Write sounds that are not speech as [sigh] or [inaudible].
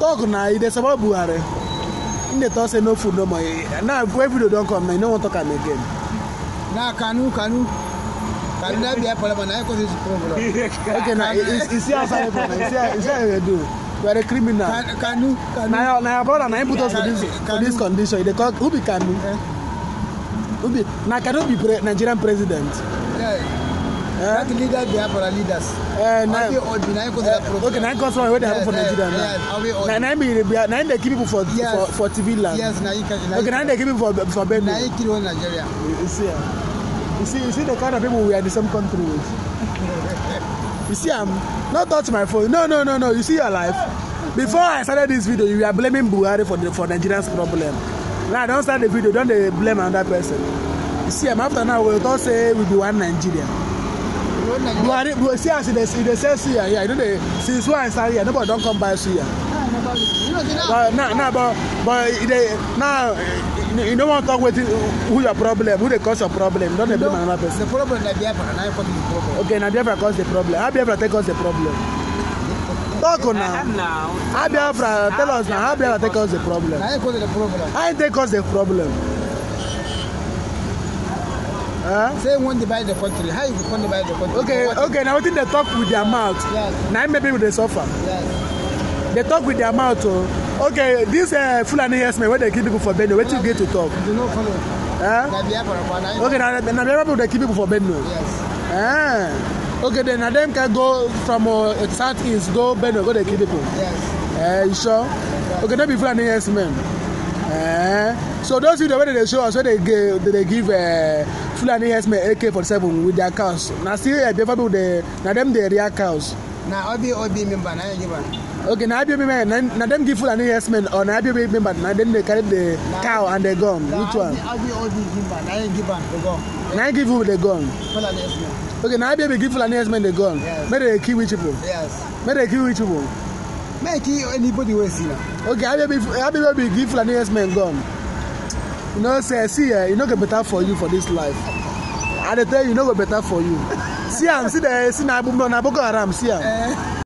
talk na e dey support buhari im dey talk say no food no money now wey video don come na e no wan talk am again na kanu kanu kanu na be problem na e cause his problem okay na e see how far from e see how e do we are a criminal kanu kanu na your brother na him put us for this for this condition e dey call who be kanu who be na kanu be nigerian president that leader biafra leaders abi odbi na him cause that okay nine him cause where they dey happen for nigeria now na na him be nine na him dey kill people for for for tv land yes na him okay nine they dey kill people for for benue Nine kill one nigeria you see um, you see you see the kind of people we are in the same country with [laughs] you see I'm um, not touch my phone no no no no you see your life before i started this video you are blaming buhari for the for nigerians problem now don't start the video Don't dey blame another person you see I'm um, after now we all say we be one nigeria. No, they, see, as they, they say suya here, you know, they, since when start here, nobody don't come buy suya. But now, now, but, but they, now, you don't want talk with who your problem, who they cause your problem. Don't they blame another person. The problem na Biafra, na for the problem. Okay, na Biafra cause the problem. How Biafra take cause the problem? Talk now. How Biafra tell us now. How Biafra take cause the problem? I take cause the problem. I take cause the problem say wan divide the country how you go divide the country. okay okay na wetin dey talk with their mouth na im make people dey suffer. dey talk with their mouth o oh. okay this uh, fulani herdsmen wey dey kill people for benue wetin you get to talk. you no follow. okay na na biafra people dey kill people for benue. Yes. Eh? okay then na dem can go from uh, south east go benue go dey kill people. Yes. Eh, you sure? Okay no be fulani herdsmen. Yes, Eh? So those video wey dey show us wey dey give dey give uh, Fulani herdsmen ak seven with their cows na still eh, Biafra people dey na dem dey rear cows. Na Obi Obi member na give am. Okay, na Obi member na, na dem give Fulani herdsmen or na Obi member na dem dey carry the cow and the gun which one? Na Obi Obi member na him give the gun. Na him give who the gun? Fulani herdsmen. Okay, na Obi Obi give Fulani herdsmen the gun. Yes. Make they kill which people? Yes. Make they kill which people? make anybody wey see na. okay how baby how be give fulani yes men gun you know say see eh e no go better for you for this life i dey tell you e no go better for you [laughs] see am see the see na boko haram see am. Ah. Eh.